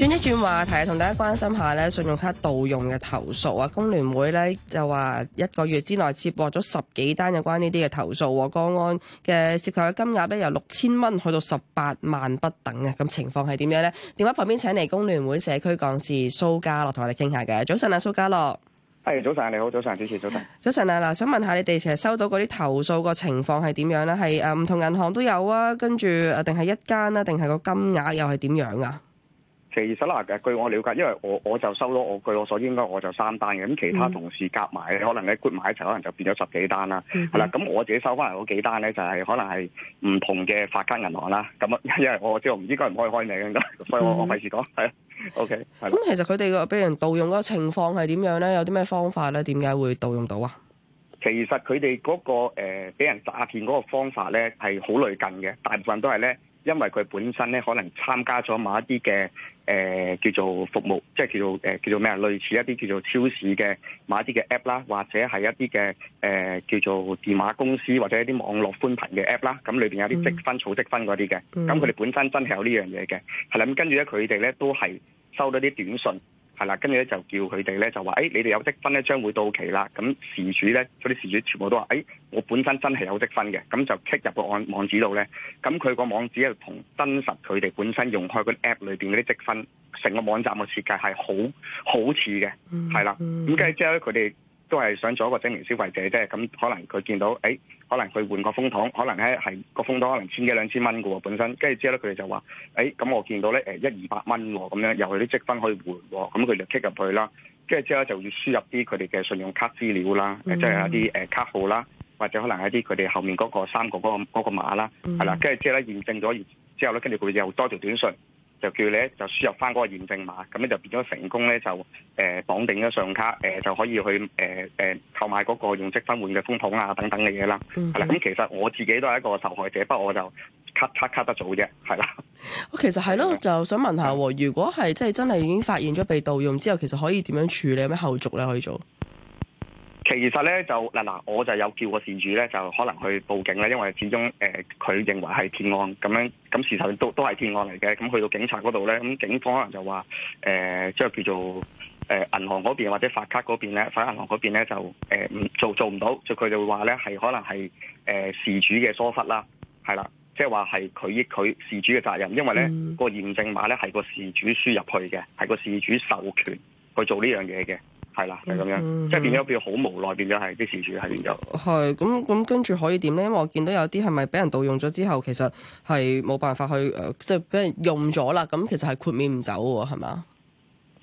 轉一轉話題，同大家關心下咧，信用卡盜用嘅投訴啊，工聯會咧就話一個月之內接獲咗十幾單有關呢啲嘅投訴，個案嘅涉及嘅金額咧由六千蚊去到十八萬不等嘅，咁情況係點樣咧？電話旁邊請嚟工聯會社區幹事蘇家樂同我哋傾下嘅。早晨啊，蘇家樂係早晨，你好，早晨，主持早晨。早晨啊，嗱，想問下你哋成日收到嗰啲投訴個情況係點樣咧？係誒唔同銀行都有啊，跟住誒定係一間啊？定係個金額又係點樣啊？其實啦，嘅據我了解，因為我我就收咗我據我所知應該我就三單嘅，咁其他同事夾埋、嗯、可能你 good 埋一齊，可能就變咗十幾單啦。係啦、嗯，咁我自己收翻嚟嗰幾單咧，就係、是、可能係唔同嘅發卡銀行啦。咁啊，因為我即係唔知該唔可以開名，咁多，所以我費事講係。OK。咁其實佢哋個俾人盜用嗰個情況係點樣咧？有啲咩方法咧？點解會盜用到啊？其實佢哋嗰個誒俾、呃、人詐騙嗰個方法咧係好類近嘅，大部分都係咧。因為佢本身咧，可能參加咗某一啲嘅誒叫做服務，即係叫、呃、叫做誒叫做咩啊，類似一啲叫做超市嘅某一啲嘅 app 啦，或者係一啲嘅誒叫做電話公司或者一啲網絡寬頻嘅 app 啦，咁裏邊有啲積分儲積分嗰啲嘅，咁佢哋本身真係有呢樣嘢嘅，係啦，咁跟住咧佢哋咧都係收到啲短信。係啦，跟住咧就叫佢哋咧就話，誒， 你哋有積分咧將會到期啦。咁事主咧，嗰啲事主全部都話，誒，我本身真係有積分嘅。咁就 click 入個網網址度咧，咁佢個網址係同真實佢哋本身用開個 app 裏邊嗰啲積分，成個網站嘅設計係好好似嘅，係啦。咁跟住之後咧，佢哋。都係想做一個證明消費者啫，咁可能佢見到，誒、欸，可能佢換個風筒，可能咧係個風筒可能千幾兩千蚊嘅喎，本身，跟住之後咧佢哋就話，誒、欸，咁我見到咧，誒，一二百蚊喎，咁樣又係啲積分可以換，咁佢就 kick 入去啦，跟住之後咧就要輸入啲佢哋嘅信用卡資料啦，mm hmm. 即係有啲誒卡號啦，或者可能係啲佢哋後面嗰個三個嗰個嗰碼啦，係啦、mm hmm. 跟住之後咧驗證咗之後咧，跟住佢又多條短信。就叫你咧就輸入翻嗰個驗證碼，咁咧就變咗成功咧就誒、呃、綁定咗信用卡，誒、呃、就可以去誒誒、呃、購買嗰個用積分換嘅風筒啊等等嘅嘢啦。咁、mm hmm. 其實我自己都係一個受害者，不過我就 cut c cut 得早啫，係啦。其實係咯，就想問下喎，如果係即係真係已經發現咗被盜用之後，其實可以點樣處理？有咩後續咧可以做？其實咧就嗱嗱，我就有叫個事主咧，就可能去報警咧，因為始終誒佢認為係騙案咁樣，咁事實上都都係騙案嚟嘅。咁、嗯、去到警察嗰度咧，咁、嗯、警方可能就話誒，即、呃、係叫做誒銀行嗰邊或者發卡嗰邊咧，發銀行嗰邊咧就誒唔做做唔到，就佢就話咧係可能係誒、呃、事主嘅疏忽啦，係啦，即係話係佢益佢事主嘅責任，因為咧、嗯、個驗證碼咧係個事主輸入去嘅，係個事主授權去做呢樣嘢嘅。係啦，係咁樣，即係變咗變好無奈，變咗係啲事主係變咗。係咁咁，跟住可以點咧？因為我見到有啲係咪俾人盜用咗之後，其實係冇辦法去誒，即係俾人用咗啦。咁其實係豁免唔走係嘛？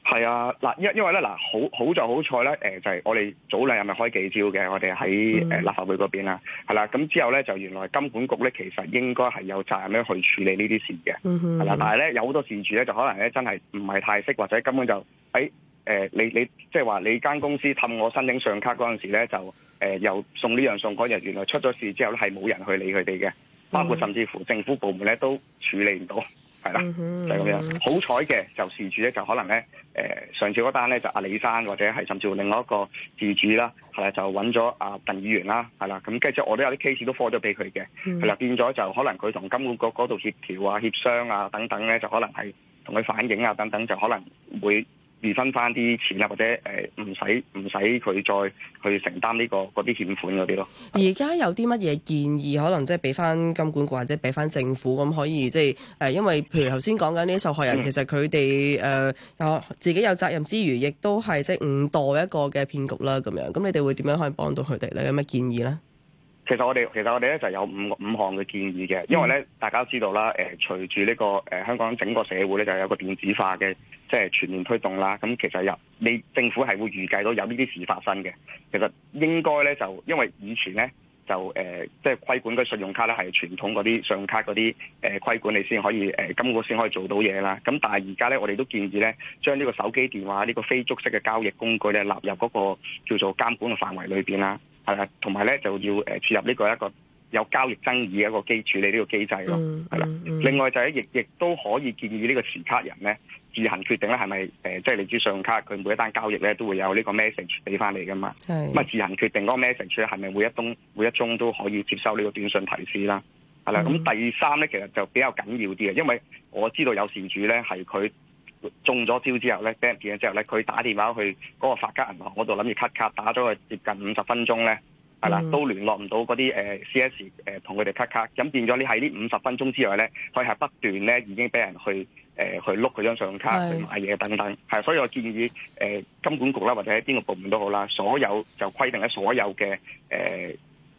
係啊，嗱，因因為咧，嗱，好好就好彩咧，誒、呃，就係、是、我哋早兩日咪開幾招嘅？我哋喺誒立法會嗰邊啦，係啦、嗯。咁、啊、之後咧就原來金管局咧，其實應該係有責任咧去處理呢啲事嘅。係啦、嗯哼啊，但係咧有好多事主咧，就可能咧真係唔係太識，或者根本就誒。哎誒、呃，你即你即係話你間公司氹我申請上卡嗰陣時咧，就誒、呃、又送呢樣送嗰樣，原來出咗事之後咧，係冇人去理佢哋嘅，包括甚至乎政府部門咧都處理唔到，係啦，就係咁樣。好彩嘅就事主咧就可能咧誒、呃、上次嗰單咧就阿李生或者係甚至乎另外一個事主啦，係啦就揾咗阿鄧議員啦，係啦，咁跟住我都有啲 case 都 call 咗俾佢嘅，係啦、嗯，變咗就可能佢同金管局嗰度協調啊、協商啊等等咧，就可能係同佢反映啊等等、等等，就可能會。預分翻啲錢啦，或者誒唔使唔使佢再去承擔呢、這個嗰啲欠款嗰啲咯。而家有啲乜嘢建議，可能即係俾翻金管局或者俾翻政府咁可以即係誒，因為譬如頭先講緊啲受害人，嗯、其實佢哋誒有自己有責任之餘，亦都係即係誤墮一個嘅騙局啦。咁樣咁，你哋會點樣可以幫到佢哋咧？有咩建議咧？其實我哋其實我哋咧就有五五項嘅建議嘅，因為咧大家都知道啦，誒隨住呢個誒、呃、香港整個社會咧就有個電子化嘅即係全面推動啦，咁、嗯、其實有你政府係會預計到有呢啲事發生嘅。其實應該咧就因為以前咧就誒即係規管嗰信用卡咧係傳統嗰啲信用卡嗰啲誒規管，你先可以誒今個先可以做到嘢啦。咁但係而家咧我哋都建議咧將呢將個手機電話呢、這個非足式嘅交易工具咧納入嗰個叫做監管嘅範圍裏邊啦。係啦，同埋咧就要誒設立呢個一個有交易爭議嘅一個機處理呢個機制咯，係啦、嗯。嗯、吧另外就係亦亦都可以建議呢個持卡人咧自行決定咧係咪誒，即、就、係、是、你知信用卡佢每一單交易咧都會有呢個 message 俾翻你噶嘛，咁啊是自行決定嗰個 message 係咪每一冬每一宗都可以接收呢個短信提示啦，係啦。咁、嗯、第三咧其實就比較緊要啲嘅，因為我知道有事主咧係佢。中咗招之後咧，俾人見咗之後咧，佢打電話去嗰個發卡銀行嗰度諗住 cut 卡，打咗佢接近五十分鐘咧，係啦，mm. 都聯絡唔到嗰啲誒 C S 誒同佢哋 cut 卡，咁、呃呃、變咗你喺呢五十分鐘之內咧，佢係不斷咧已經俾人去誒、呃、去碌佢張信用卡去買嘢等等，係、mm. 所以我建議誒、呃、金管局啦或者邊個部門都好啦，所有就規定咧所有嘅誒、呃、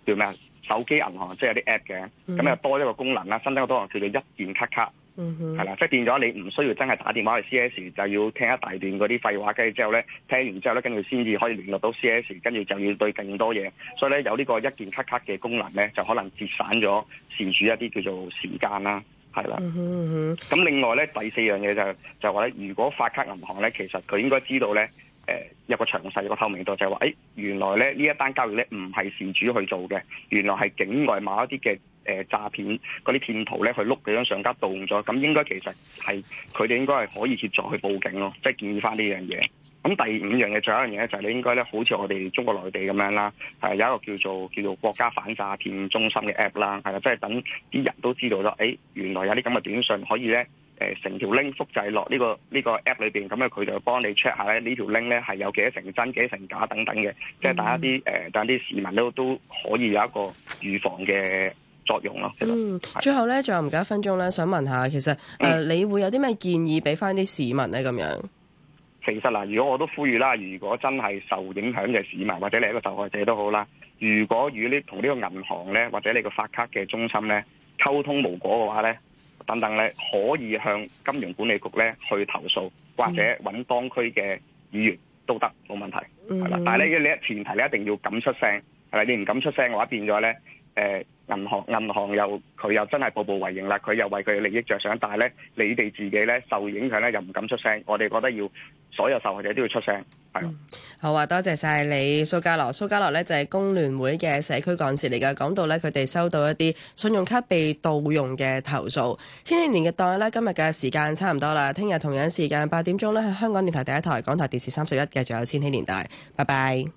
叫咩啊手機銀行即係有啲 app 嘅，咁、mm. 又多一個功能啦，新增好多功叫做一鍵 cut 卡，卡。嗯哼，係啦、mm hmm.，即係變咗你唔需要真係打電話去 C S，就要聽一大段嗰啲廢話，跟住之後咧，聽完之後咧，跟住先至可以聯絡到 C S，跟住就要對更多嘢，所以咧有呢個一鍵卡卡嘅功能咧，就可能節省咗事主一啲叫做時間啦，係啦。咁、mm hmm. 另外咧第四樣嘢就係、就話咧，如果發卡銀行咧，其實佢應該知道咧，誒、呃、有一個詳細一個透明度，就係、是、話，誒、欸、原來咧呢一單交易咧唔係事主去做嘅，原來係境外某一啲嘅。誒詐騙嗰啲騙徒咧，去碌幾張相家盜用咗，咁應該其實係佢哋應該係可以協助去報警咯，即係建議翻呢樣嘢。咁第五樣嘅，仲有一樣嘢咧，就係你應該咧，好似我哋中國內地咁樣啦，係有一個叫做叫做國家反詐騙中心嘅 app 啦，係啦，即係等啲人都知道咗，誒原來有啲咁嘅短信可以咧、這個，誒成條 link 複製落呢個呢個 app 裏邊，咁咧佢就幫你 check 下咧呢條 link 咧係有幾多成真幾多成假等等嘅，即係等一啲誒等啲市民都都可以有一個預防嘅。作用咯。嗯，最後咧，仲有唔夠一分鐘咧，想問下，其實誒，呃嗯、你會有啲咩建議俾返啲市民咧？咁樣其實嗱，如果我都呼籲啦，如果真係受影響嘅市民，或者你係一個受害者都好啦，如果與呢同呢個銀行咧，或者你個發卡嘅中心咧溝通無果嘅話咧，等等咧，可以向金融管理局咧去投訴，或者揾當區嘅議員都得，冇問題，係啦。嗯、但係咧，你前提你一定要敢出聲，係咪？你唔敢出聲嘅話，變咗咧誒。呃銀行銀行又佢又真係步步為營啦，佢又為佢利益着想，但係咧你哋自己咧受影響咧又唔敢出聲，我哋覺得要所有受害者都要出聲，係、嗯。好啊，多謝晒你蘇嘉樂，蘇嘉樂咧就係、是、工聯會嘅社區幹事嚟嘅。講到咧佢哋收到一啲信用卡被盜用嘅投訴。千禧年代咧今日嘅時間差唔多啦，聽日同樣時間八點鐘咧喺香港電台第一台、港台電視三十一嘅，仲有千禧年代，拜拜。